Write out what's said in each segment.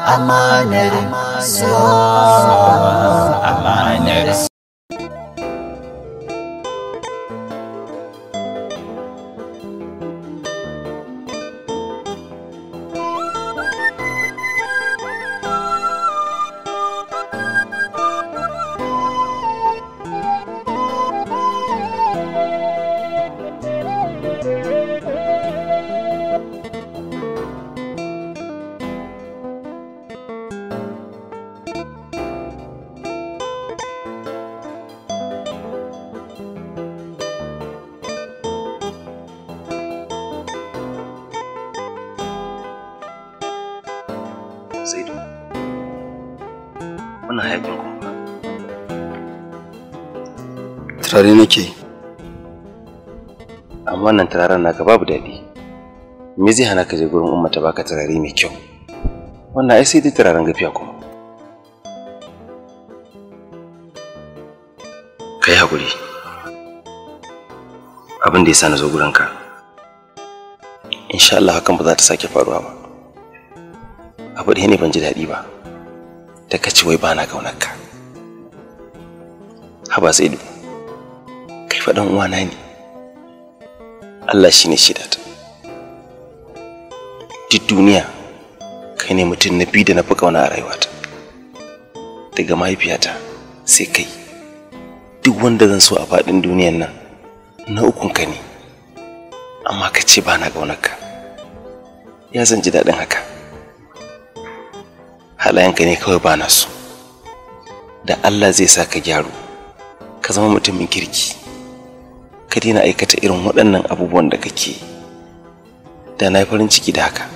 Amanet, Amanet, Amanet, sare nake amma nan turaren naka babu daɗi me zai hana ka je gurin umma ta baka turare mai kyau wannan ai sai dai turaren gafiya kuma kai yi haƙuri abin da ya sa na zo gurinka insha Allah hakan ba za ta sake faruwa ba abu da ne ban ji daɗi ba ta kace wai ba na ka. haba sai kai fa dan uwana ne Allah shine shida ta duk duniya kai ne mutum na bi da na fi kauna a rayuwata daga mahaifiyata sai kai duk wanda zan so a faɗin duniyan nan na ukun ka ne amma ka ce ba na ka ya zan ji daɗin haka halayenka ne kawai ba na so da Allah zai sa ka gyaru ka zama mutumin kirki ka daina aikata irin waɗannan abubuwan da kake da na farin ciki da haka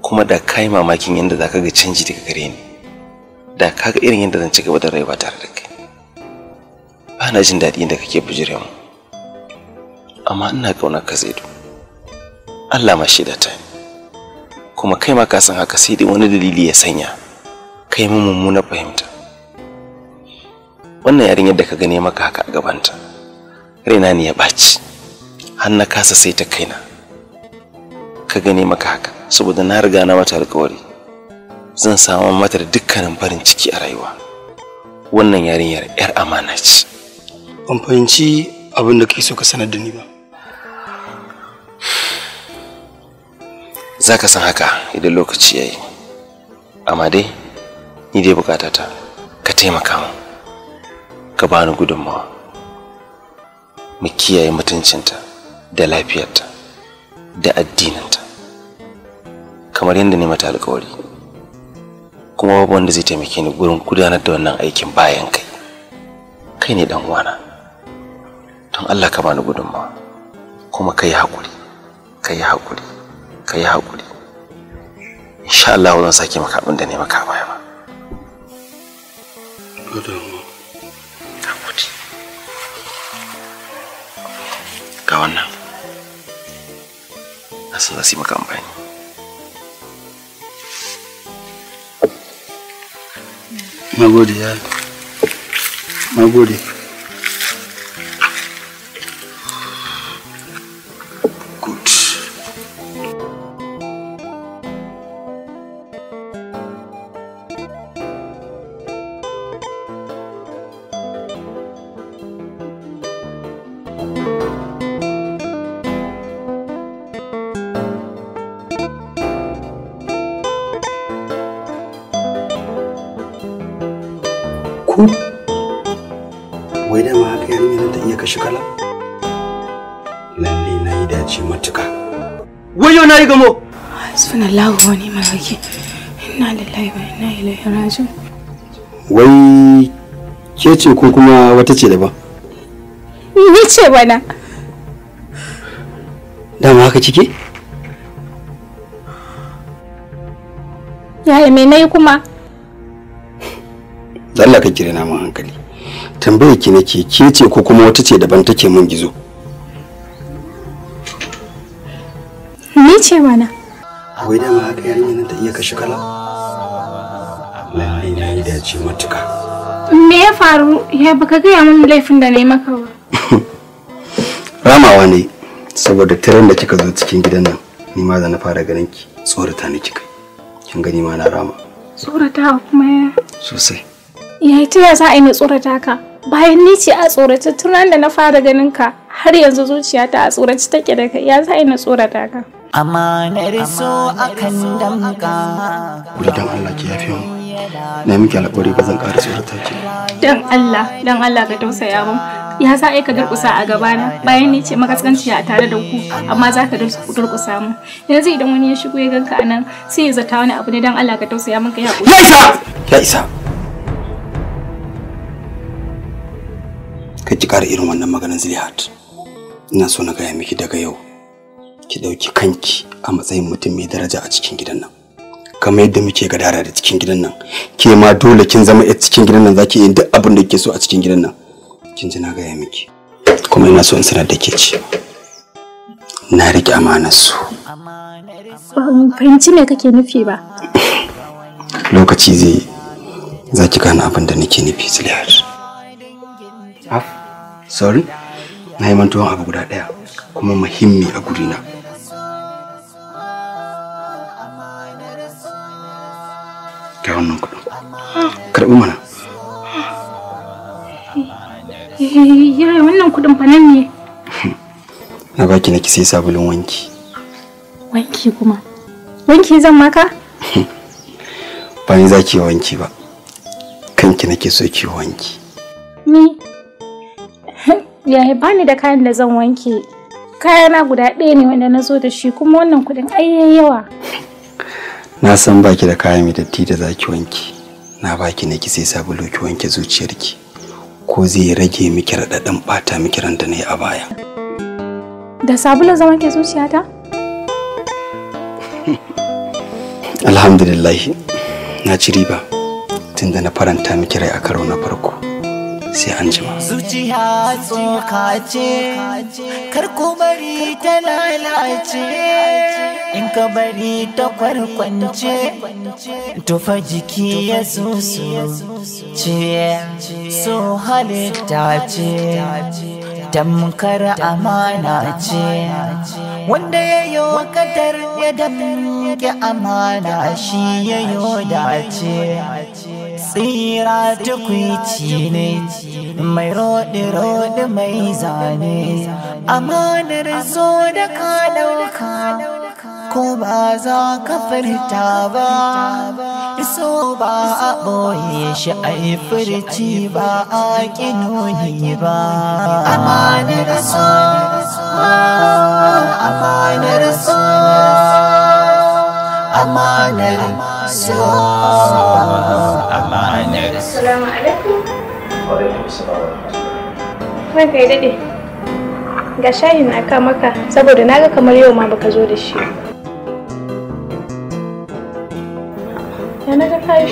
kuma da ka yi mamakin yadda za ka ga canji daga gare ni da ka ga irin yadda zan ci gaba da rayuwa tare da kai ba na jin daɗi da kake bujire mu amma ina ƙaunar ka zaidu Allah ma shaida ta kuma kai ma ka san haka sai dai wani dalili ya sanya kai mu mummunar fahimta wannan yarinyar da ka gane maka haka a gabanta raina ne ya ɓaci har na kasa sai ta kaina ka gane maka haka saboda na riga na mata alkawari zan samu mata da dukkanin farin ciki a rayuwa wannan yarinyar yar amana ce ban fahimci abin da kai so ka sanar da ni ba za ka san haka idan lokaci ya yi amma dai ni dai bukatata ka taimaka mu ka bani gudunmawa mu kiyaye mutuncinta da lafiyarta da addininta kamar yadda ne mata alkawari kuma babu wanda zai taimake ni gurin gudanar da wannan aikin bayan kai kai ne dan uwana don Allah ka bani gudunmawa kuma kai hakuri kai hakuri kai hakuri insha Allah zan sake maka abin da ne maka baya ba ga wannan na san za su yi maka amfani na gode ya na gode ku wai da ma haka yarinya nan ta iya kashe kala lalle na yi dace matuka wayo na yi gamo subhanallahu wa ni'mal wakil inna lillahi wa inna ilaihi raji'un wai ke ce ko kuma wata ce daban ni ce bana dama haka kike yaya me nayi kuma Allah ka kire na mun hankali tambayar ki nake ke ce ko kuma wata ce daban take mun gizo ni ce mana akwai dama haka yarinya nan ta iya kashe kala lalle na yi dace matuka me ya faru ya baka gaya min laifin da na maka ba ramawa ne saboda tiran da kika zo cikin gidan nan ni ma da na fara ganin ki tsorata ni kika kin gani ma na rama tsorata kuma sosai Yayi tuna za a yi na tsorata ka. Bayan ni ce a tsorata tun da na fara ganin ka har yanzu zuciyata a tsoraci take da kai ya za a yi na tsorata ka. riso a akan damka. Kuri dan Allah ki yafe mu. Na yi miki alƙawari ba zan ƙara tsorata ki. Dan Allah, dan Allah ka tausaya mu. ya sa ka durƙusa a gabana bayan ni ce makaskanci a tare da ku amma za ka durƙusa mu yanzu idan wani ya shigo ya ganka anan sai ya zata wani abu ne don Allah ka tausaya mun ka ya isa ya isa kai ki ƙara irin wannan maganar zilihat ina so na gaya miki daga yau ki ɗauki kanki a matsayin mutum mai daraja a cikin gidan nan kamar yadda muke gadara da cikin gidan nan ke ma dole kin zama a cikin gidan nan zaki yi duk abin da kike so a cikin gidan nan kin ji na gaya miki kuma ina so in sanar da ke ci. na riƙe amanar su ban fahimci me kake nufi ba lokaci zai zaki gane abin da nake nufi ziliyar sorry na yi mantuwan abu guda ɗaya kuma muhimmi a gurina ga wannan kuɗin karɓi mana yaya wannan kudin fa nan ne na baki na kisai sabulin wanki wanki kuma wanki zan maka ba ni za ki wanki ba kanki nake so ki wanki ni yayi bani da kayan da zan wanke kayana guda ɗaya ne wanda na zo da shi kuma wannan kuɗin ai yawa na san baki da kayan mai datti da zaki wanke na baki ne ki sai sabulu ki wanke zuciyarki ko zai rage miki raɗaɗin ɓata miki ran da na yi a baya da sabulu zama ke zuciyata alhamdulillah na ci riba tunda na faranta miki rai a karo na farko sai an jima zuciya tsoka ce kar ku bari ta lalace in ka bari ta kwarkwance tufa jiki ya susu ce so halitta ce tamkar amana ce wanda ya yi kadar ya damke amana shi ya yi dace tsira tukwici ne mai roɗe-roɗe mai zane amanar zo da ka ɗauka ko ba za ka furta ba iso ba a boye shi a yi furci ba a ƙi nuni ba amanar so amanar so amanar so amanar so Assalamu alaikum. ya daɗe. ga shayin aka maka saboda na ga kamar yau ma baka zo da shi ka ba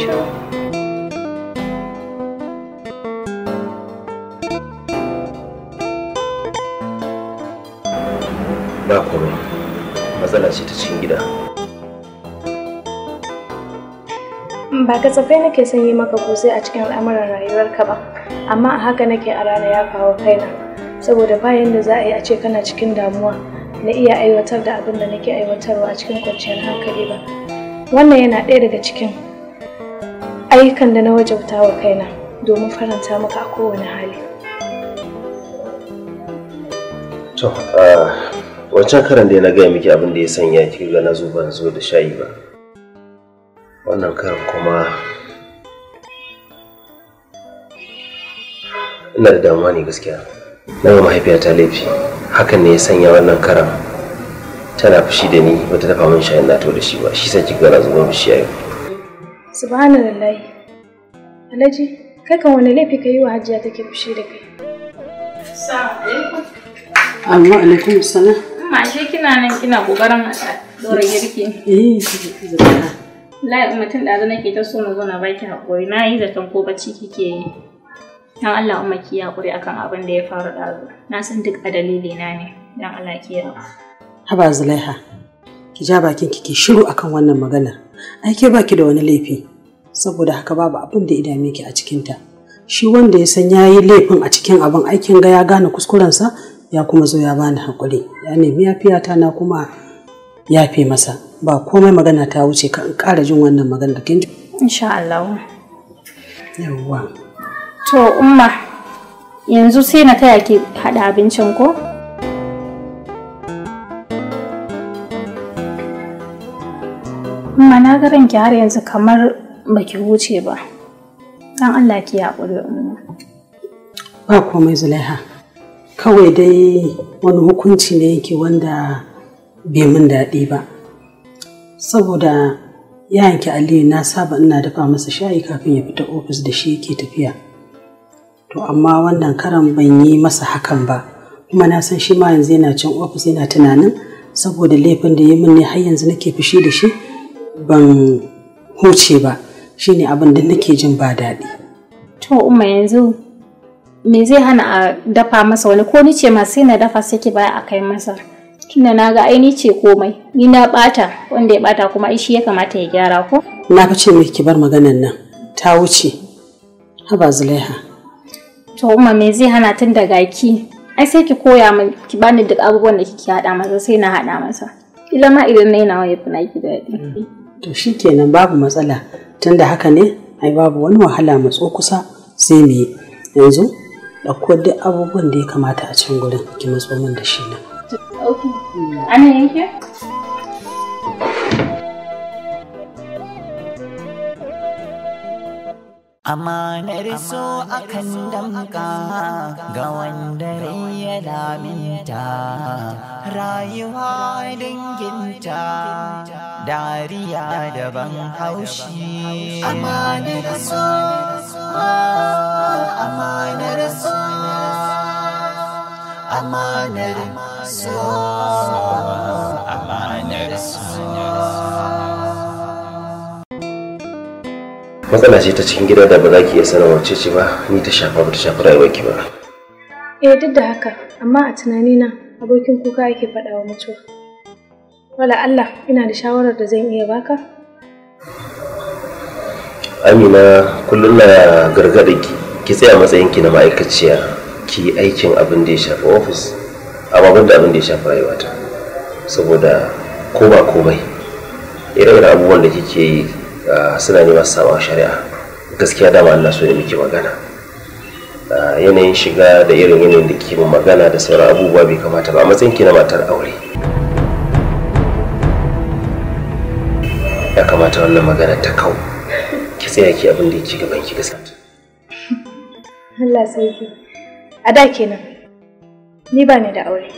matsala ce ta cikin gida ba ka tsafai nake son yi maka kusai a cikin al'amuran rayuwarka ba amma a haka nake a rana ya kawo kaina saboda bayan da za a yi a ce kana cikin damuwa na iya aiwatar da abin da nake aiwatarwa a cikin kwanciyar hankali ba wannan yana ɗaya daga cikin ayyukan da na wajabta wa kaina domin faranta maka a kowane hali. To, ah, wancan karan da na gaya miki abin da ya sanya ki ga na zo ban zo da shayi ba. Wannan karan kuma ina da damuwa ne gaskiya. Na ga mahaifiyata laifi, hakan ne ya sanya wannan karan tana fushi da ni bata dafa min shayin na to da shi ba, shi sa kika na zo ban shi subhanallahi alhaji kai kan wani laifi ka yi wa hajiya take fushi da kai amma alaikum salam amma ashe kina nan kina kokarin dora girki eh lai mutum da nake ta so na zo na baki hakuri na yi zaton ko bacci kike yi dan Allah umma ki hakuri akan abin da ya faru ɗazu na san duk a dalili na ne dan Allah ki haba zulaiha ki ja bakin ki ki shiru akan wannan maganar Aike ke baki da wani laifi saboda haka babu abin da ya ki a cikinta shi wanda ya san yayi laifin a cikin abin aikin ga ya gane kuskurensa ya kuma zo ya bani hakuri ya nemi yafiyata na kuma yafe masa ba komai magana ta wuce ka ƙara jin wannan magana kin ji insha Allah yawwa to umma yanzu sai na taya ki hada abincin ko amma na ga ranki har yanzu kamar baki wuce ba dan Allah ki haƙuri umma ba komai zulaiha kawai dai wani hukunci ne yake wanda bai mun daɗi ba saboda yayanki aliyu na saba ina dafa masa shayi kafin ya fita ofis da shi yake tafiya to amma wannan karan ban yi masa hakan ba kuma na san shi ma yanzu yana cin ofis yana tunanin saboda laifin da ya min ne har yanzu nake fushi da shi ban huce ba shine abin da nake jin ba daɗi to umma yanzu me zai hana a dafa masa wani ko ni ce ma sai na dafa sai ki baya a kai masa tunda na ga ni ce komai ni na bata wanda ya bata kuma ai shi ya kamata ya gyara ko na fi ce mai ki bar maganan nan ta wuce haba zulaiha to umma me zai hana tun daga ki ai sai ki koya min ki bani duk abubuwan da kike hada masa sai na hada masa ila ma idan na yi nawa ya fi naki daɗi mm. to shi kenan babu matsala tun da haka ne ai babu wani wahala matso kusa sai mu yi yanzu ɗauko duk abubuwan da ya kamata a cikin gurin ki matso min da shi na. Amanar a akan damka ga wanda ya daminta, rayuwa danginta dariya da ban haushi. Amanar so, amanar su amanar so, amanar su. matsala ce ta cikin gida da ba za ki iya sanarwa ce ce ba ni ta shafa ba ta rayuwar ki ba eh duk da haka amma a tunani na abokin kuka yake faɗa wa mutuwa wala Allah ina da shawarar da zan iya baka Amina kullum na gargaɗa ki ki tsaya ki na ma'aikaciya ki yi aikin abin da ya shafi ofis amma ban da abin da ya shafi rayuwata saboda ko ba komai ire-iren abubuwan da kike yi Ah, suna neman sabawa shari'a gaskiya dama Allah so ne muke magana ah, yanayin shiga da irin yanayin da ke magana da sauran abubuwa bai kamata ba a matsayin ki na matar aure ya kamata wannan magana ta kau ki tsaya ki abin da yake gaban ki gaskiya Allah sarki a da kenan ni ba ni da aure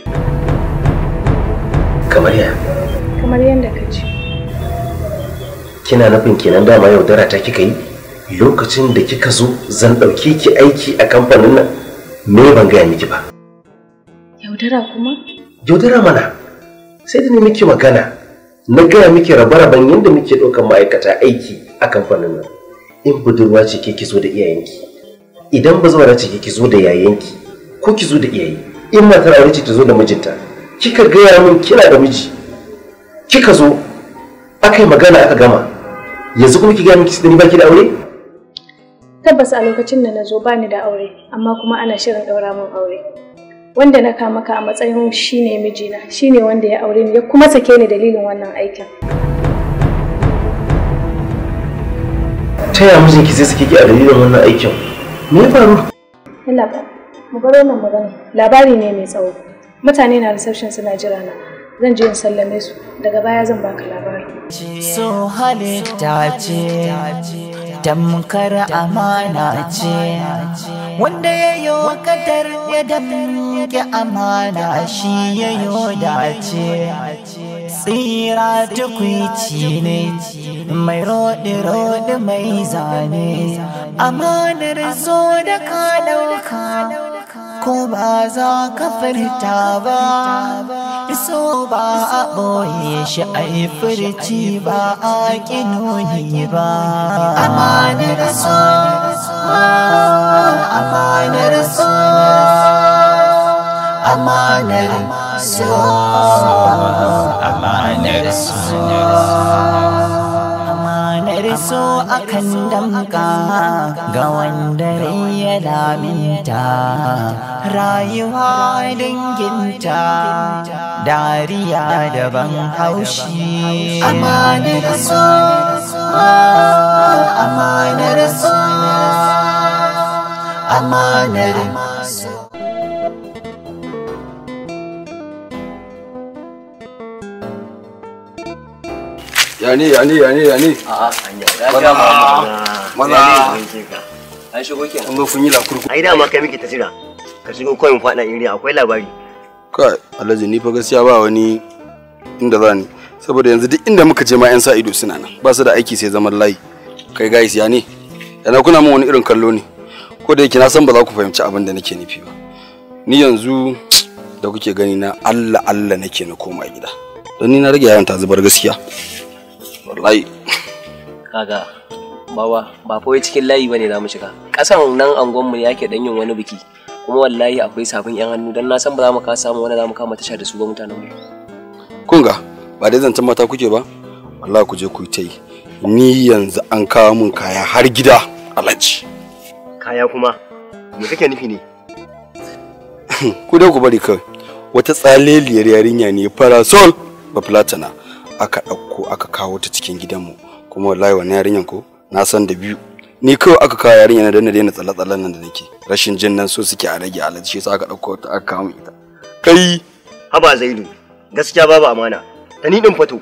kamar ya kamar yanda ka ce kina nufin kenan dama yaudara ta kika yi lokacin da kika zo zan ɗauke ki aiki a kamfanin nan me ban gaya miki ba yaudara kuma yaudara mana sai da ni miki magana na gaya miki rabe-raben yadda muke ɗaukar ma'aikata aiki a kamfanin nan in budurwa ce ke ki da iyayenki idan ba bazawara ce ke ki zo da yayanki ko ki zo da iyaye in matar aure ce ta zo da mijinta kika gaya min kina da miji kika zo aka yi magana aka gama yanzu kuma ki gaya miki sai ni baki da aure tabbas a lokacin da na zo ba ni da aure amma kuma ana shirin daura min aure wanda na kama ka a matsayin shine mijina shine wanda ya aure ni ya kuma sake ni dalilin wannan aikin ta yaya mijinki zai sake ki a dalilin wannan aikin me ya faru Allah ba mu bar wannan magana labari ne mai tsawo mutane na reception suna jira na zan je in sallame su daga baya zan baka labari. So halitta ce, tamkar amana ce, wanda ya yi kadar ya damke amana shi ya yi dace. Tsira tukwici ne, mai rodi rodi mai zane, amanar zo da ka ɗauka. ko ba za ka furta ba iso ba a ɓoye shi a yi furci ba a ƙinoni ba amanar so amanar so amanar so amanar so so akan damka ga wanda ya laminta rayuwa danginta dariya da ban haushi amanar so ah, amanar so amanar ya ne ya ne ya mana an shigo kenan kun zo yi lakurku ai dama kai muke ta jira ka shigo kawai mu faɗa iri akwai labari kai alhaji ni fa gaskiya ba wani inda za ni saboda yanzu duk inda muka je ma yan sa ido suna nan ba su da aiki sai zaman layi kai guys ya ne yana kuna min wani irin kallo ne ko da yake na san ba za ku fahimci abin da nake nufi ba ni yanzu da kuke gani na Allah Allah nake na koma gida don ni na rage yawan ta zubar gaskiya wallahi kaga bawa ba fa cikin layi bane za mu shiga kasan nan angon mu yake dan yin wani biki kuma wallahi akwai sabon yan hannu dan na san ba za mu ka samu wani za mu kama tasha da su ga mutanen mu kun ga ba dai zancen mata kuke ba wallahi ku je ku yi ni yanzu an kawo mun kaya har gida alaji kaya kuma me kake nufi ne ku dai ku bari kai wata tsaleliyar yarinya ne parasol ba platana aka ɗauko aka kawo ta cikin gidanmu kuma wallahi wannan yarinyan ko na san da biyu ni kawai aka kawo yarinya na danna daina tsalle-tsallen nan da nake rashin jin nan so suke a rage alaji shi yasa aka ɗauko ta aka kawo ita kai haba zaidu gaskiya babu amana ta ni din fato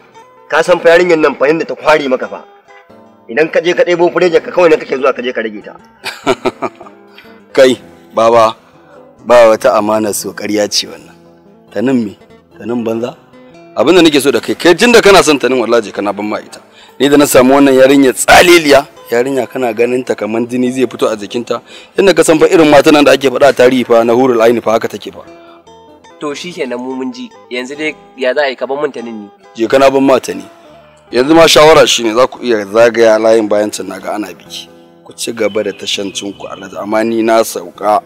ka san fa yarinyan nan fa yanda ta kware maka fa idan ka je ka ɗebo fureje ka kawai nan kake zuwa ka je ka rage ta kai baba ba wata amana so ƙarya ce wannan ta nan me ta nan banza abinda nake so da kai kai tunda kana son ta nin wallahi kana ban ma ita ni da na samu wannan yarinya tsaliliya yarinya kana ganin ta kaman jini zai fito a jikinta inda ka san fa irin matan da ake faɗa tarihi fa na hurul aini fa haka take fa to shikenan mu mun ji yanzu dai ya za a yi ka ban mun ta ni je kana ban ma ni yanzu ma shawara shine za ku iya zagaya layin bayan can naga ana biki ku ci gaba da tashancinku ku amma ni na sauka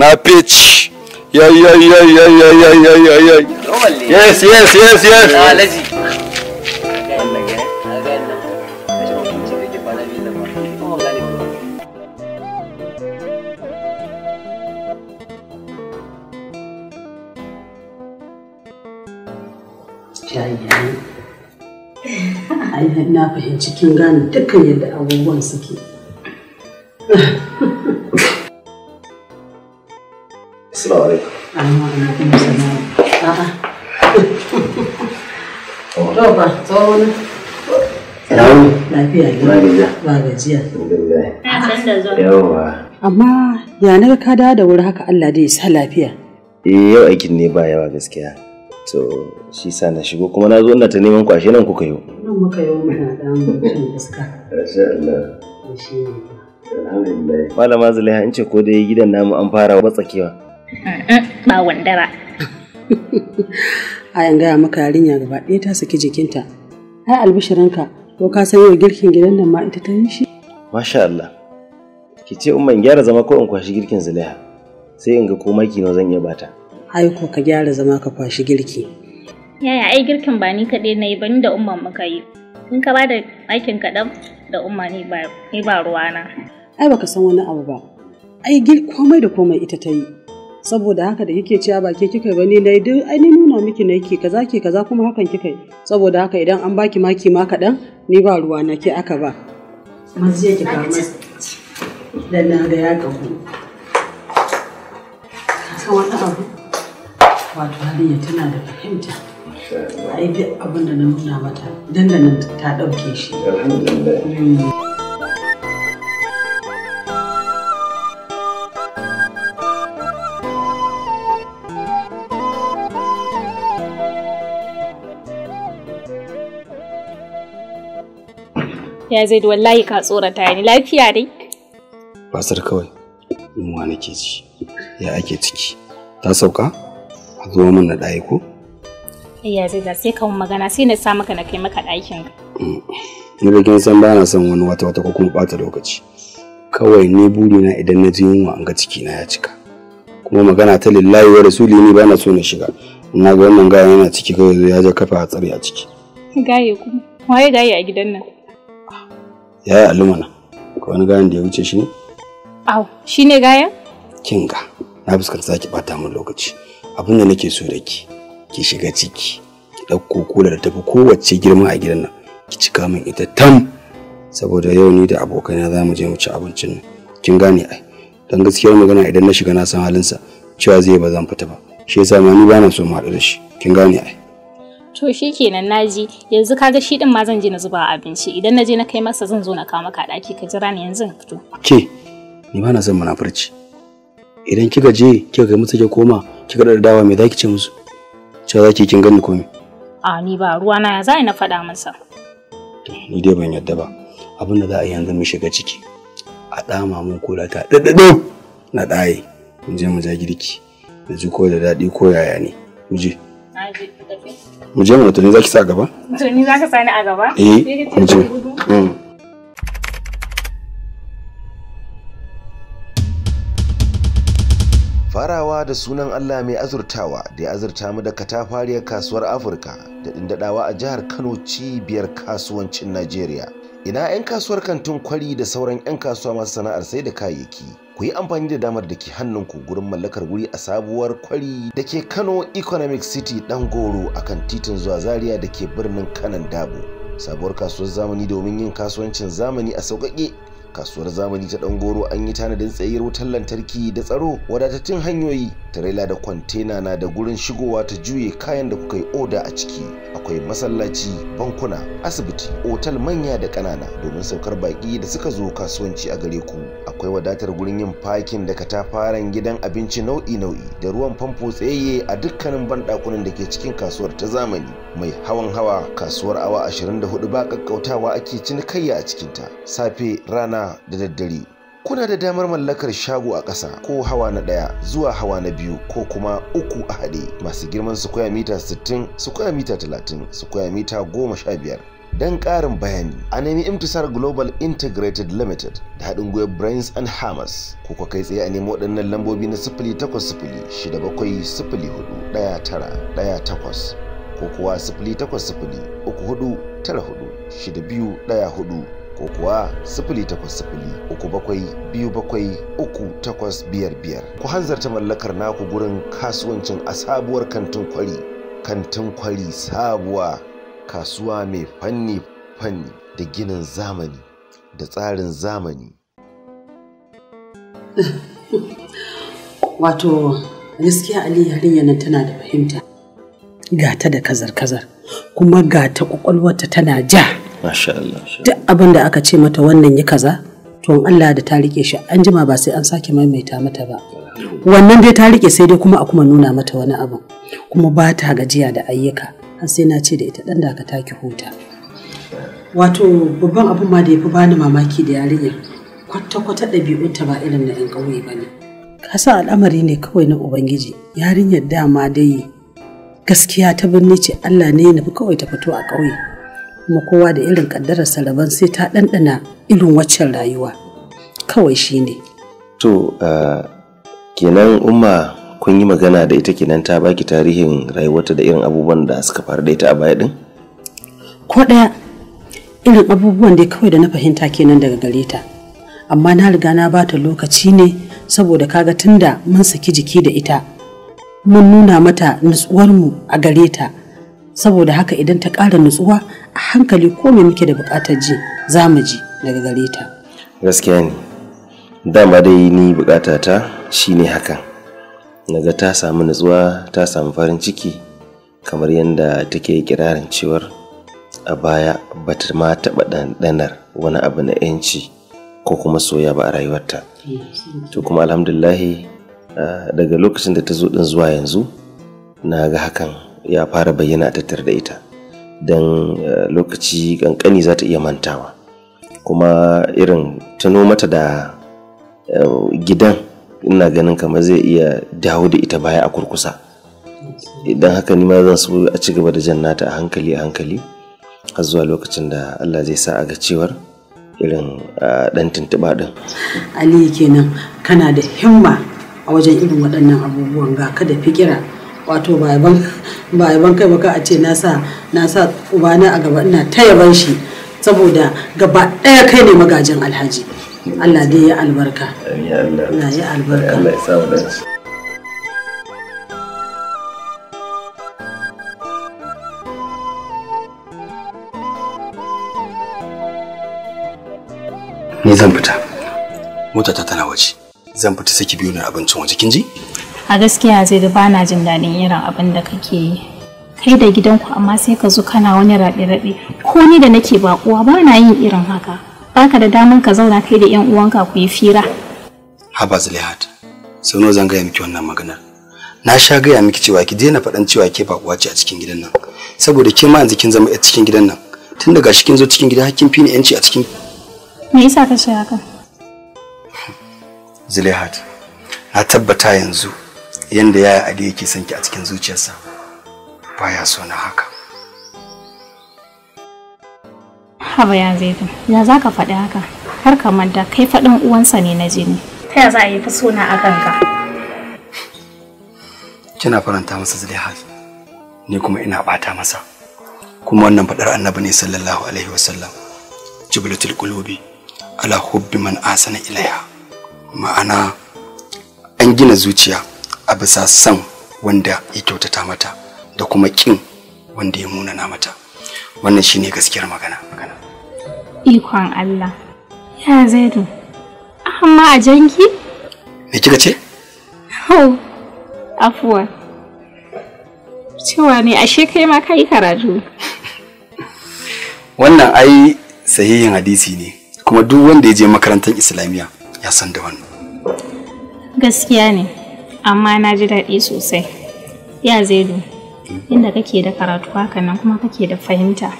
na fice yai yai yai yai yai yai yai yai yai yes yes yes yes alaji ah, na fahimci kin gane dukkan yadda abubuwan suke Assalamu alaikum. A'a. Lafiya ne. Ba gajiya. Yawa. Amma ya na ka dawo da wuri haka Allah dai ya sa lafiya. Eh yau aikin ne ba yawa gaskiya. To shi sa na shigo kuma na zo ina ta neman kwashe nan kuka yau. Nan muka yau muna da mutum gaska. Masha Allah. Alhamdulillah. Malama Zulaiha in ce ko dai gidan namu an fara matsakewa. Ba wanda ba. A yanga maka yarinya gaba ɗaya ta saki jikinta. Ai albishirinka ko ka san yau girkin gidan nan ma ita ta yi shi? Masha Allah. Ki ce umman gyara zama ko in kwashi girkin Zulaiha. Sai in ga komai kino zan iya bata. Ai ko ka gyara zama ka kwashi girki. Yaya ai girkin ba ni kaɗai na yi ba ni da umman muka yi. In ka ba da aikin kaɗan da umma ni ba ruwana. Ai baka san wani abu ba. Ai komai da komai ita ta yi. saboda haka da kike cewa ba ke kika bane na duk ai nuna miki na ke kaza ke kaza kuma hakan kika yi saboda haka idan an baki maki ma kaɗan ni ba ruwa na ke aka ba. Maziya ki kama dan na ga ya gahu. kasa wani abu wato Hadiya tana da fahimta. Ai duk abin da na nuna mata dandanan ta ɗauke shi. Alhamdulillah. Hmm. Ya zai wallahi ka tsorata ni lafiya dai. Fasar kawai, yunwa nake ci, ya ake ciki. Ta sauka? A zo min na ɗaya ko? Ya zai da sai kawun magana sai na sa maka na kai maka ɗakin ka. Mm. Ni da san ba na son wani wata wata ko kuma ɓata lokaci. Kawai ni burina idan na ji yunwa an ga ciki na ya cika. Kuma magana ta lillahi wa rasuli ni ba na so na shiga. Na ga wannan gaya yana ciki kawai ya ja kafa a tsare a ciki. Gaye kuma, waye gaye a gidan nan? ya yi alumana ko wani gayan da ya wuce shi ne? Au, shi ne gayan? Kin ga, na fuskanta za ki bata min lokaci. Abin da nake so da ki, ki shiga ciki, ki ɗauko kula da tafi kowace girma a gidan nan, ki cika min ita tam. Saboda yau ni da abokaina za mu je mu ci abincin nan. Kin gane ai, don gaskiyar magana idan na shiga na san halinsa, cewa zai ba zan fita ba. Shi yasa ma ni ba na so mu haɗu da shi, kin gane ai. to shi kenan naji yanzu kaga shi din ma zan je na zuba abinci idan na je na kai masa zan zo na kawo maka daki ka jira ni yanzu to ke ni ba na son munafurci idan kika je kika kai musu ke koma kika da dawa me zaki ce musu cewa zaki kin gani komi a ni ba ruwa na ya zai na faɗa masa ni dai ban yadda ba abin da za a yi yanzu mu shiga ciki a dama mun kula ta daɗaɗau na ɗaye mun je mu ja girki da ji ko da daɗi ko yaya ne mu je mu je mu tuni zaki sa gaba tuni zaka sa ni a gaba eh mu mm. farawa da sunan Allah mai azurtawa da ya azurta mu da katafariyar kasuwar Afirka da dindadawa a jihar Kano cibiyar kasuwancin Najeriya ina 'yan kasuwar kantin kwari da sauran 'yan kasuwa masu sana'ar sai da kayayyaki ku yi amfani da damar da ke hannunku gurin mallakar wuri a sabuwar kwari da ke kano economic city ɗan goro a kan titin zuwa zaria da ke birnin kanan dabo sabuwar kasuwar zamani domin yin kasuwancin zamani a sauƙaƙe kasuwar zamani ta dan goro an yi tanadin tsayayyar wutar lantarki da tsaro wadatattun hanyoyi tirela da kwantena na da gurin shigowa ta juye kayan da kuka yi oda a ciki akwai masallaci bankuna asibiti otal manya da ƙanana domin saukar baƙi da suka zo kasuwanci a gare ku akwai wadatar gurin yin fakin da katafaren gidan abinci nau'i nau'i da ruwan famfo tsayayye a dukkanin banɗakunan da ke cikin kasuwar ta zamani mai hawan hawa kasuwar awa 24 ba kakkautawa ake cinikayya a cikinta safe rana ƙasa da daddare kuna da damar mallakar shago a ƙasa ko hawa na ɗaya zuwa hawa na biyu ko kuma uku a haɗe masu girman sukwaya mita 60 sukwaya mita 30 sukwaya mita 15 don ƙarin bayani a nemi imtisar global integrated limited da haɗin gwiwar brains and hammers ko kwa kai tsaye a nemi waɗannan lambobi na 080670419118 ko kuwa 0806 34 6214 ko kuwa sifili takwas ku hanzarta mallakar naku gurin kasuwancin a sabuwar kantin kwari kantin kwari sabuwa kasuwa mai fanni fanni da ginin zamani da tsarin zamani wato gaskiya ali yarinya nan tana da fahimta gata da kazar-kazar kuma gata kwakwalwarta tana ja Duk abin da aka ce mata wannan ya kaza, to Allah da ta rike shi an jima ba sai an sake maimaita mata ba. Wannan dai ta rike sai dai kuma a kuma nuna mata wani abu. Kuma ba ta gajiya da ayyuka. Har sai na ce da ita dan da ka taki huta. Wato babban abin ma da ya fi bani mamaki da yarinya, kwata-kwata ta ba irin na 'yan ƙauye ba ne. Kasan al'amari ne kawai na Ubangiji, yarinyar dama dai gaskiya ta birni ce Allah ne ya nufi kawai ta fito a ƙauye. kuma kowa da irin ƙaddararsa rabon sai ta ɗanɗana irin waccan rayuwa kawai shi ne to kenan umma kun yi magana da ita kenan ta baki tarihin rayuwarta da irin abubuwan da suka faru da ita a baya din ko ɗaya irin abubuwan da kawai da na fahimta kenan daga gare ta amma na riga na bata lokaci ne saboda kaga tunda mun saki jiki da ita mun nuna mata nutsuwarmu a gare ta saboda haka idan ta ƙara nutsuwa a hankali ko me muke da buƙatar ji za mu ji daga gare ta gaskiya ne dama dai ni buƙata ta shine hakan naga ta samu nutsuwa ta samu farin ciki kamar yadda take kirarin cewar a baya ba ta ma taɓa ɗanɗanar wani abu na 'yanci ko kuma soya ba a rayuwarta to kuma alhamdulahi ah, daga lokacin da ta zo ɗin zuwa yanzu na ga hakan ya fara bayyana a tattare da ita don eh, lokaci kankani za ta iya mantawa kuma irin ta mata da eh, gidan ina ganin kamar zai iya dawo da ita baya a kurkusa idan haka nima zan so a ci gaba da jannata a hankali a hankali har zuwa lokacin da allah zai sa a ga cewar irin dan eh, tuntuɓa ɗin ali kenan kana da himma a wajen irin waɗannan abubuwan ga ka da fikira wato ba yaban kai baka a ce na sa ubana a gaba ina ta yaban shi saboda gaba ɗaya kai ne magajin alhaji Allah dai ya albarka Allah ya albarka Ni zan fita. Mota ta tana waje. Zan fita saki biyu na abincin waje kin ji? a gaskiya zai ba na jin daɗin irin abin da kake yi kai da gidanku amma sai ka zo kana wani raɗe-raɗe ko ni da nake baƙuwa ba na yin irin haka baka da damar ka zauna kai da yan uwanka ku yi fira haba zulihat sau nawa zan gaya miki wannan maganar na sha gaya miki cewa ki daina faɗan cewa ke baƙuwa ce a cikin gidan nan saboda ke ma yanzu kin zama a cikin gidan nan tun daga shi kin zo cikin gida hakkin fi ni yanci a cikin me yasa ka shi haka zulihat na tabbata yanzu yanda yaya ade yake son ki a cikin zuciyarsa baya so na haka haba ya zaidu ya za ka faɗi haka har kamar da kai faɗin uwansa ne na jini ta ya za a yi fi suna a kanka kina faranta masa zulihal ni kuma ina ɓata masa kuma wannan faɗar annabi ne sallallahu alaihi wasallam jiblatul qulubi ala hubbi man asana ilaiha ma'ana an gina zuciya a bisa san wanda ya kyautata mata da kuma kin wanda ya munana mata wannan shine gaskiyar magana magana ikon Allah ya zaidu amma a janki me kika ce oh afuwa cewa ne ashe kai ma kai karatu wannan ai sahihin hadisi ne kuma duk wanda ya je makarantar islamiyya ya san da wannan gaskiya ne amma na ji daɗi sosai ya zaidu inda kake da karatu haka nan kuma kake da fahimta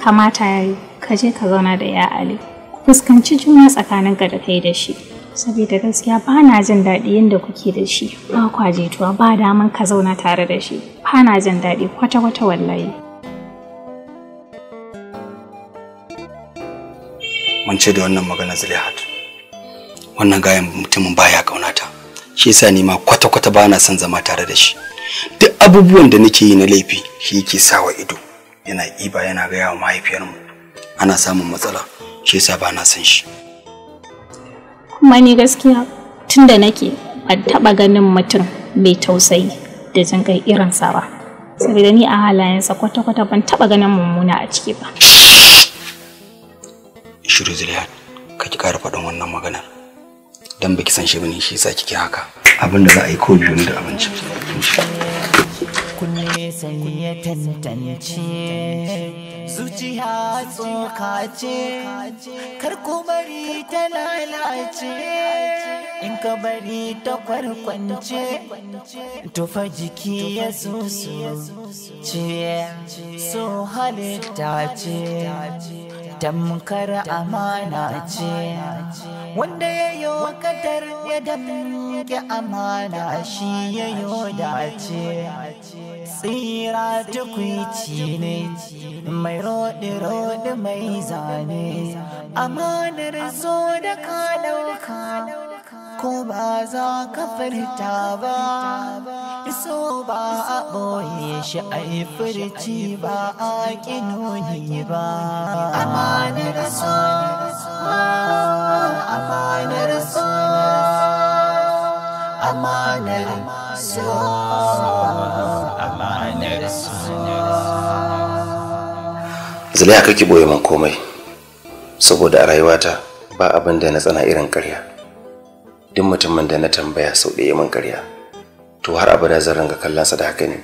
kamata ya yi ka je ka zauna da ya ali fuskanci juna tsakanin ka da kai da shi saboda gaskiya ba na jin daɗi yadda kuke da shi ba kwa jituwa ba daman ka zauna tare da shi ba na jin daɗi kwata-kwata wallahi mun ce da wannan magana zulihat wannan gayan mutumin baya kaunata shi yasa ni ma kwata-kwata ba na son zama tare da shi duk abubuwan da nake yi na laifi shi yake sawa ido yana iba yana gaya wa mahaifiyarmu ana samun matsala shi yasa ba na son shi kuma ni gaskiya tunda nake ban taɓa ganin mutum mai tausayi da jin kai irinsa ba saboda ni a halayensa kwata-kwata ban taɓa ganin mummuna a ciki ba shiru ziliyar ka ki ƙara faɗin wannan maganar dan baki san shi bane shi yasa kike haka abin da za a yi ko biyu da abinci kunne sai ya tantance zuciya tsoka ce kar ku bari ta lalace in ka bari ta kwarkwance tufa jiki ya susu ce so halitta ce tamkar amana ce wanda ya yi wakatar ya damke amana shi ya yi dace tsira tukwici ne mai rodi rodi mai zane amanar zo da ka ɗauka ko ba za ka furta ba iso ba a boye shi a yi furci ba a ƙinoni ba amanar so amanar so amanar so amanar so kake boye man komai saboda a rayuwata ba abin da na tsana irin karya duk mutumin da na tambaya sau ɗaya min ƙarya to har abada zan ringa kallonsa da haka ne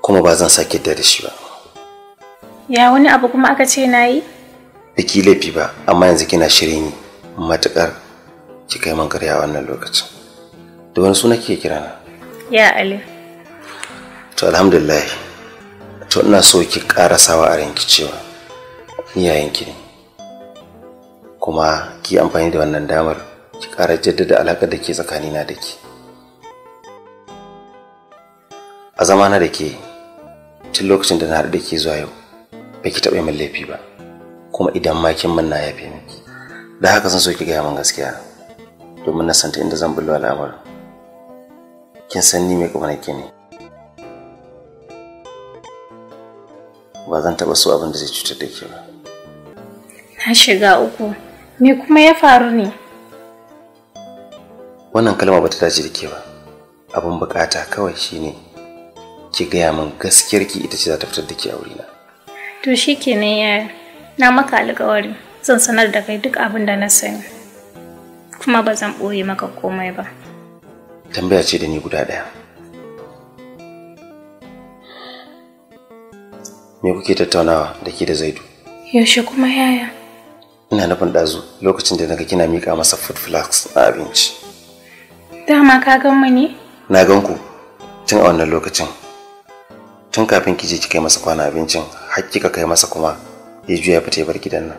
kuma ba zan sake da da shi ba ya wani abu kuma aka ce na yi biki laifi ba amma yanzu kina shirin yi matuƙar ki kai min ƙarya wannan lokacin da wani suna kike kira na ya ali to alhamdulillah to ina so ki ƙara sawa a ranki cewa iyayenki ne kuma ki amfani da wannan damar ki ƙara jaddada alaƙar da ke tsakanina da ke a na da ke tun lokacin da na haɗu da ke zuwa yau ba ki taɓa min laifi ba kuma idan ma kin min na yafe miki da haka zan so ki gaya min gaskiya domin na santa inda zan bullo al'amarin kin san ni mai ƙaunar ke ne ba zan taɓa so abin da zai cutar da ke ba na shiga uku me kuma ya faru ne wannan kalma bata dace da ke ba abin bukata kawai shine ki gaya min gaskiyar ki ita ce za ta fitar da ke a wurina to shikenan ya na maka alƙawari zan sanar da kai duk abin da na sani kuma ba zan ɓoye maka komai ba tambaya ce da ni guda ɗaya me kuke tattaunawa da ke da zaidu yaushe kuma yaya ina nufin ɗazu lokacin da naga kina miƙa masa food flags na abinci Dama ka gan mu ne? Na gan ku tun a wannan lokacin. Tun kafin kije ki yi masa kwana abincin, har kika kai masa kuma ya juya fita ya bar gidan nan.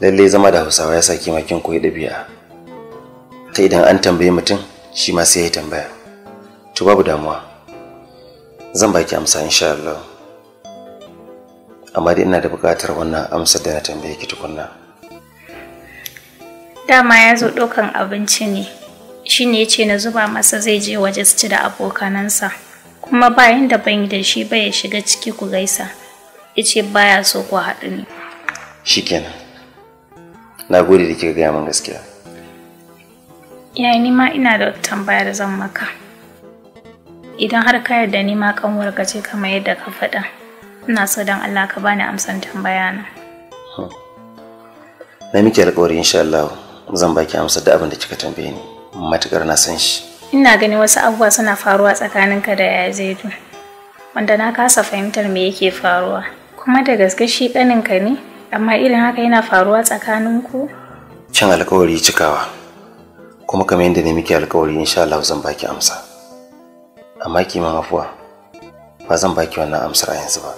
Lallai zama da Hausawa ya saki makin koyi ɗabi'a. Ta idan an tambaye mutum shi ma sai ya tambaya. To babu damuwa. Zan baki amsa insha Allah. Amma dai ina da buƙatar wannan amsar da na tambaye ki tukunna. dama ya zo ɗaukan abinci ne shi ne ce na zuba masa zai je waje su ci da abokanansa kuma bayan da ban yi da shi ba ya shiga ciki ku gaisa ya ce baya so ku haɗu ne kenan na gode da kika gaya min gaskiya yayi ni ma ina da tambaya da zan maka idan har ka yarda ni ma kanwar ka ce kamar yadda ka faɗa ina so don Allah ka bani amsan tambaya na hmm. na miki alƙawari insha Allah zan baki amsa da abin da kika tambaye ni matukar na san shi ina ganin wasu abubuwa suna faruwa tsakaninka da ya zaidu wanda na kasa fahimtar me yake faruwa kuma da gaske shi ɗaninka ne amma irin haka yana faruwa tsakaninku cin alkawari cikawa kuma kamar yadda ne muke alkawari insha Allah zan baki amsa amma man afuwa ba zan baki wannan amsar a yanzu ba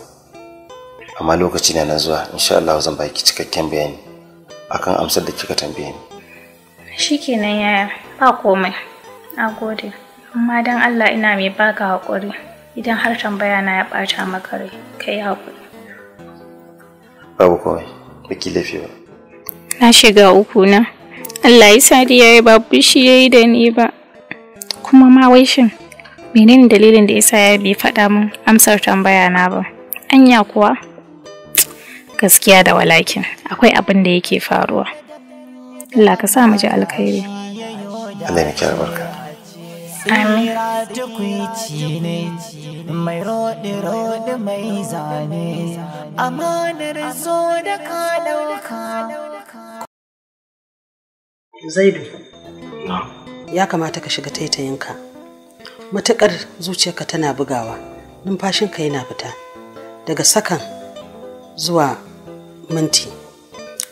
amma lokaci na na zuwa insha Allah zan baki cikakken bayani akan amsar da kika tambaye ni shikenan yaya ba komai na gode amma don allah ina mai baka haƙuri idan har tambaya na ya ɓata maka rai ka yi haƙuri babu komai baki laifi ba na shiga uku na allah ya Sadi ya yi babu shi ya yi da ni ba kuma ma wai menene dalilin da yasa ya bi faɗa min amsar tambaya na ba anya kuwa gaskiya da walakin akwai abin da yake faruwa Allah ka sa mu ji alkhairi Allah ya barka. Amin. mai roɗe roɗe mai zane amanar zo da ka ɗauka. Zaidu. Ya kamata ka shiga taitayinka. Matuƙar zuciyarka tana bugawa, numfashinka yana fita. Daga sakan zuwa minti,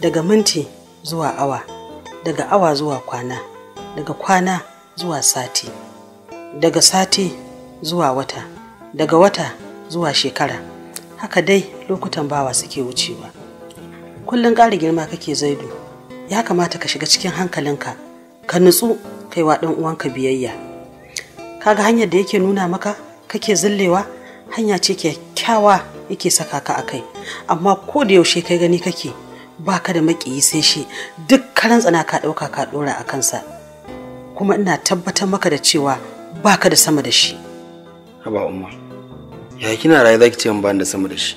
daga minti zuwa awa. daga awa zuwa kwana daga kwana zuwa sati daga sati zuwa wata daga wata zuwa shekara haka dai lokutan bawa suke wucewa kullum ƙara girma kake zaidu ya kamata ka shiga cikin hankalinka ka nutsu kaiwa ɗan uwanka biyayya kaga hanyar da yake nuna maka kake zillewa hanya ce kyakkyawa yake saka ka a kai amma ko da yaushe kai gani kake baka da makiyi sai shi duk karan tsana ka ɗauka ka ɗora a kansa kuma ina tabbatar maka da cewa baka da sama da shi haba umma ya kina raye zaki ce ban da sama da shi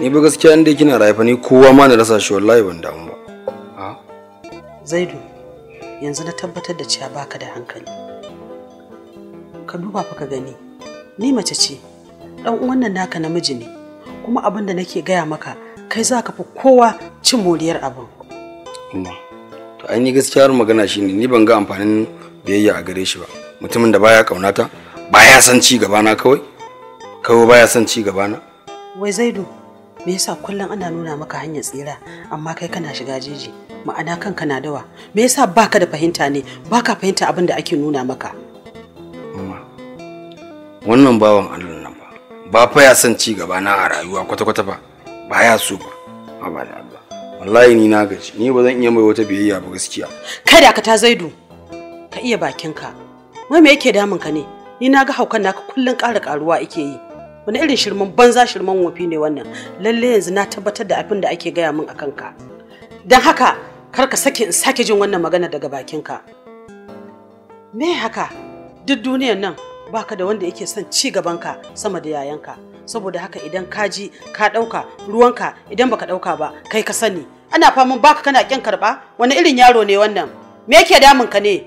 ni ba gaskiya inda kina raye fa ni kowa ma na rasa shi wallahi ban da ba ha zaidu yanzu na tabbatar da cewa baka da hankali ka duba fa ka gani ni mace ce dan uwan nan naka namiji ne kuma abin da nake gaya maka kai za ka fi kowa cin moriyar abu. To ai ni gaskiyar magana shi ne ni ban ga amfanin biyayya a gare shi ba. Mutumin da baya kaunata, baya san ci gaba na kawai. Kawai baya san ci gaba na. Wai Zaidu, me yasa kullum ana nuna maka hanyar tsira amma kai kana shiga jeji? Ma'ana kanka na dawa. Me yasa baka da fahimta ne? Baka fahimta abin da ake nuna maka. Wannan bawan Allah nan ba. fa ya san ci gaba na a rayuwa kwata-kwata ba. baya so ba haba da Allah wallahi ni na gaji ni ba zan iya mai wata biyayya ba gaskiya kada ka ta zaidu ka iya bakinka mai me yake damun ka ne ni na ga haukan naka kullun ƙara ƙaruwa ake yi wani irin shirman banza shirman wofi ne wannan lalle yanzu na tabbatar da abin da ake gaya min a ka don haka kar ka sake in sake jin wannan magana daga bakinka me haka duk duniyar nan baka da wanda yake son ci gaban ka sama da yayanka saboda haka idan ka ji ka ɗauka ruwanka idan baka ɗauka ba kai ka sani ana faman baka kana ƙin karɓa wani irin yaro ne wannan me yake damun ka ne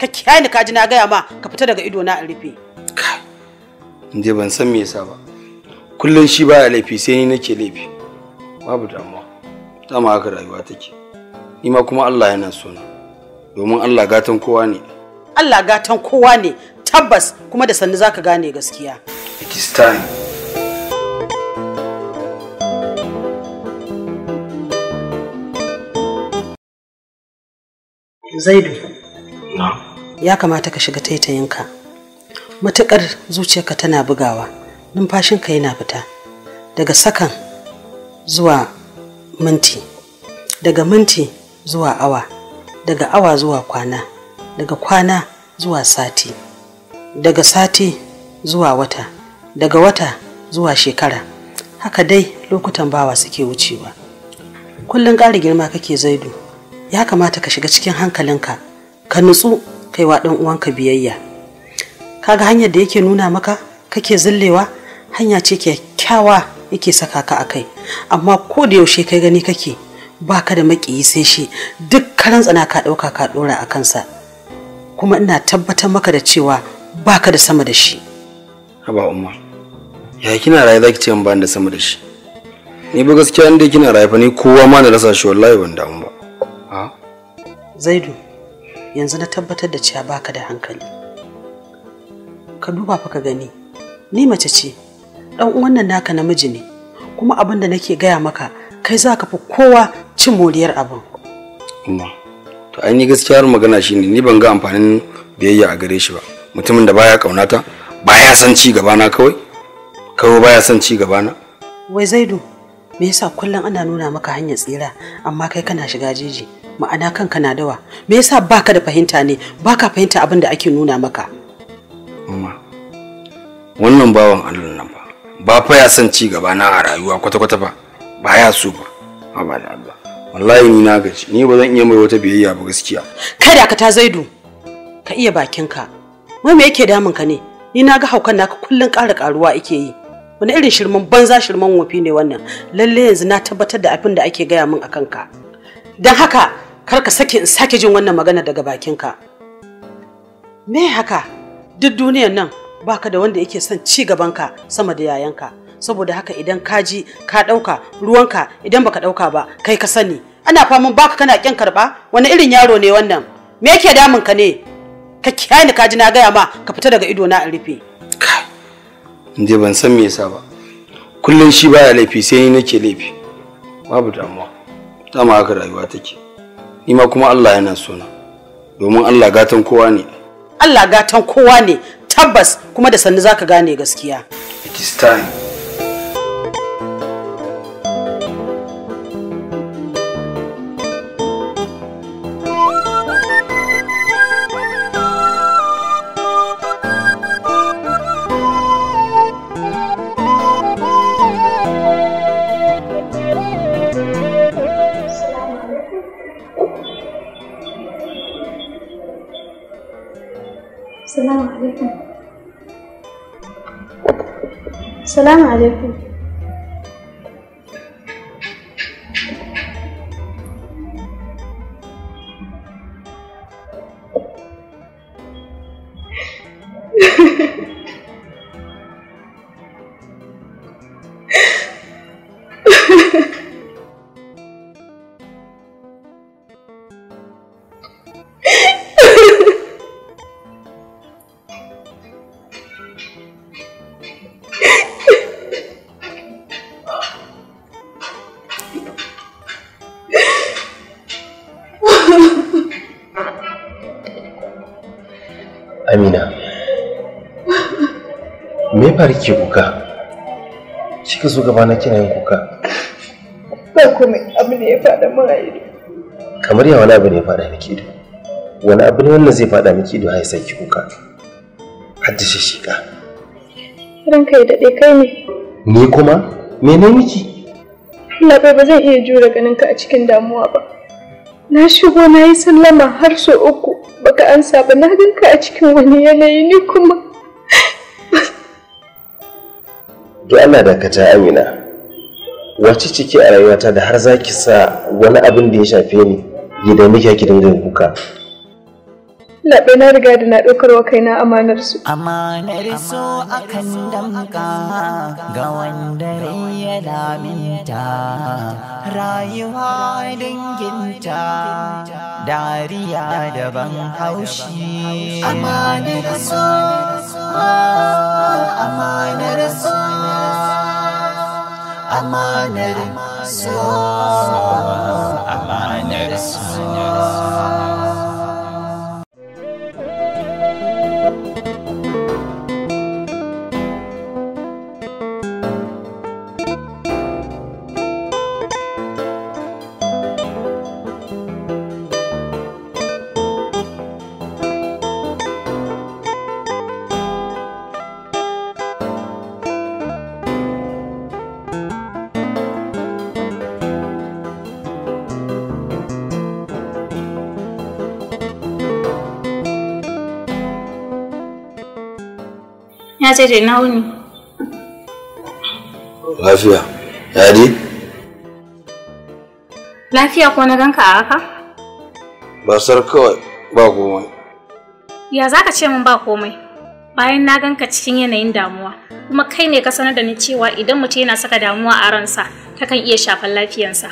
ka kiyaye ni ka ji na gaya ma ka fita daga ido na in rufe je ban san me yasa ba kullum shi baya laifi sai ni nake laifi babu damuwa dama haka rayuwa take ni ma kuma Allah yana so na domin Allah gatan kowa ne Allah gatan kowa ne tabbas kuma da sannu zaka gane gaskiya it is time Zaidu. Ya kamata ka shiga taitayinka. Matuƙar zuciyarka tana bugawa, numfashinka yana fita. Daga sakan zuwa minti, daga minti zuwa awa, daga awa zuwa kwana, daga kwana zuwa sati, daga sati zuwa wata, daga wata zuwa shekara. Haka dai lokutan bawa suke wucewa. Kullum ƙara girma kake zaidu. ya kamata ka shiga cikin hankalinka ka nutsu kaiwa ɗan uwanka biyayya kaga hanyar da yake nuna maka kake zillewa hanya ce kyakkyawa yake saka ka akai amma ko da yaushe kai gani kake baka da maƙiyi sai shi duk karan tsana ka ɗauka ka ɗora a kansa kuma ina tabbatar maka da cewa baka da sama da shi haba umma ya kina raye zaki ce ban da sama da shi ni ba gaskiya inda kina raye fa ni kowa ma na rasa shi wallahi ban damu ba Zaidu, yanzu na tabbatar da cewa baka da hankali. Ka duba fa ka gani, ni mace ce, ɗan uwan naka namiji ne, kuma abin da nake gaya maka kai za ka fi kowa cin moriyar abin. Amma, to ai ni gaskiyar magana shine ni ban ga amfanin biyayya a gare shi ba. Mutumin da baya kaunata, baya son ci gabana kawai, kawai baya son ci gabana. Wai Zaidu, me yasa kullum ana nuna maka hanyar tsira amma kai kana shiga jeji ma'ana kanka na dawa me yasa baka da fahimta ne baka fahimta abin da ake nuna maka amma wannan bawan Allah nan ba ba fa ya san ci gaba na a rayuwa kwata kwata ba ba ya so ba amma da Allah wallahi ni na gaji ni ba zan iya mai wata biyayya ba gaskiya kada ka ta zaidu ka iya bakinka wai me yake damun ka ne ni na ga haukan naka kullun ƙara ƙaruwa yake yi wani irin shirman banza shirman wofi ne wannan lalle yanzu na tabbatar da abin da ake gaya min akan ka don haka kar ka sake in sake jin wannan magana daga bakinka me haka duk duniyan nan baka da wanda yake son ci gabanka sama da yayanka saboda haka idan ka ji ka ɗauka ruwanka idan baka ɗauka ba kai ka sani ana faman baka kana ƙin karɓa wani irin yaro ne wannan me yake damun ka ne ka kyani ka ji na gaya ma ka fita daga ido na in rufe je ban san me yasa ba kullum shi baya laifi sai ni nake laifi babu damuwa dama haka rayuwa take ni kuma Allah yana suna, domin Allah gatan kowa ne Allah gatan kowa ne tabbas kuma da sannu zaka gane gaskiya it is time Salamu alaikum. ke kuka kika so gaba na kina yin kuka ba komai abu ne ya faɗa min ido kamar ya wani abu ne ya faɗa miki ido wani abu ne wannan zai faɗa miki ido har sai ki kuka haddace shiga ranka ya daɗe kai ne ni kuma me ne miki Allah bai ba zan iya jure ganin ka a cikin damuwa ba na shigo na yi sallama har sau uku baka ansa ba na ganka a cikin wani yanayi ni kuma To Allah dakata amina wace ciki a rayuwata da har za ki sa wani abin da ya shafe ni gidan dame ki dinga kuka laɓe na riga da na ɗaukar wa kaina amanar su. Amanar so akan damka ga wanda ya laminta rayuwa danginta dariya daban haushi. Amanar so amanar so amanar so amanar so. Na je da na wuni. Lafiya. Ya Lafiya ko na ganka a haka? Basar kawai ba komai. Ya za ka ce min ba komai? Bayan na ganka cikin yanayin damuwa, kuma kai ne ka sanar da ni cewa idan mutum yana saka damuwa a ransa, ta kan iya shafar lafiyansa.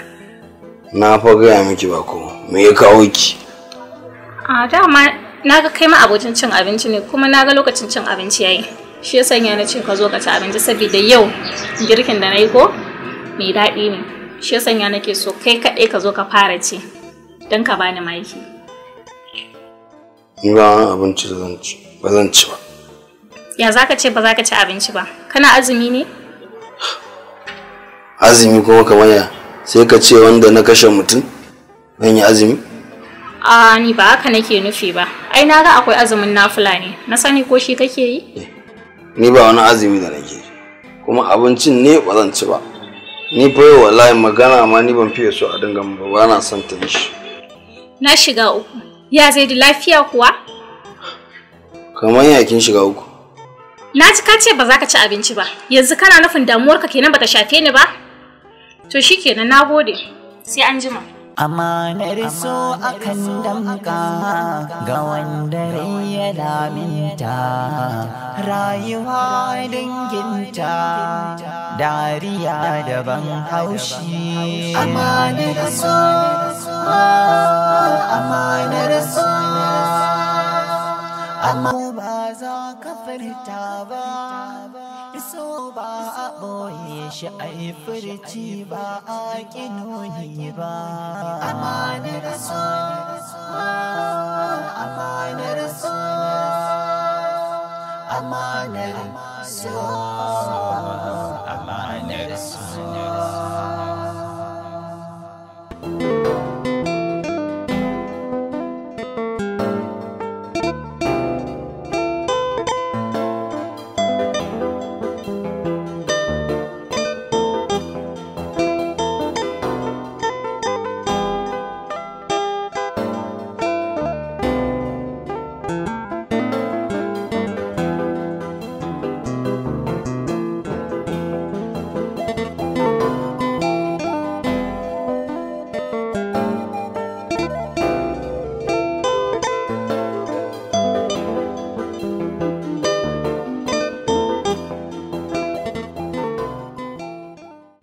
Na fa gaya miki ba komai, me ya kawo ki? A dama na ga kai ma abocin cin abinci ne kuma na ga lokacin cin abinci yayi. shi ya sanya na ce ka zo ka ci abinci saboda yau girkin da na yi ko mai daɗi ne shi ya sanya nake so kai kaɗai ka zo ka fara ci don ka bani maki ni ba abinci ba zan ci ba ya za ka ce ba za ka ci abinci ba kana azumi ne azumi kuma kamar ya sai ka ce wanda na kashe mutum zan yi azumi a ni ba haka nake nufi ba ai na ga akwai azumin na ne na sani ko shi kake yi eh. ni ba wani azumi da nake kuma abincin ne ba zan ci ba ni fa yau wallahi magana ma ni ban fiye so a dinga ba ba na son ta shi na shiga uku ya zai da lafiya kuwa kamar ya kin shiga uku na ji ka ce ba za ka ci abinci ba yanzu kana nufin damuwarka kenan ta shafe ni ba to shikenan nagode sai an jima Amanar so akan damka ga wanda ya laminta rayuwa danginta dariya daban haushi. Amanar so, amanar so, amma ba za ka furta ba. iso ba a ɓoye shi a yi furci ba a ƙinoni ba amanar so amanar so amanar so amanar so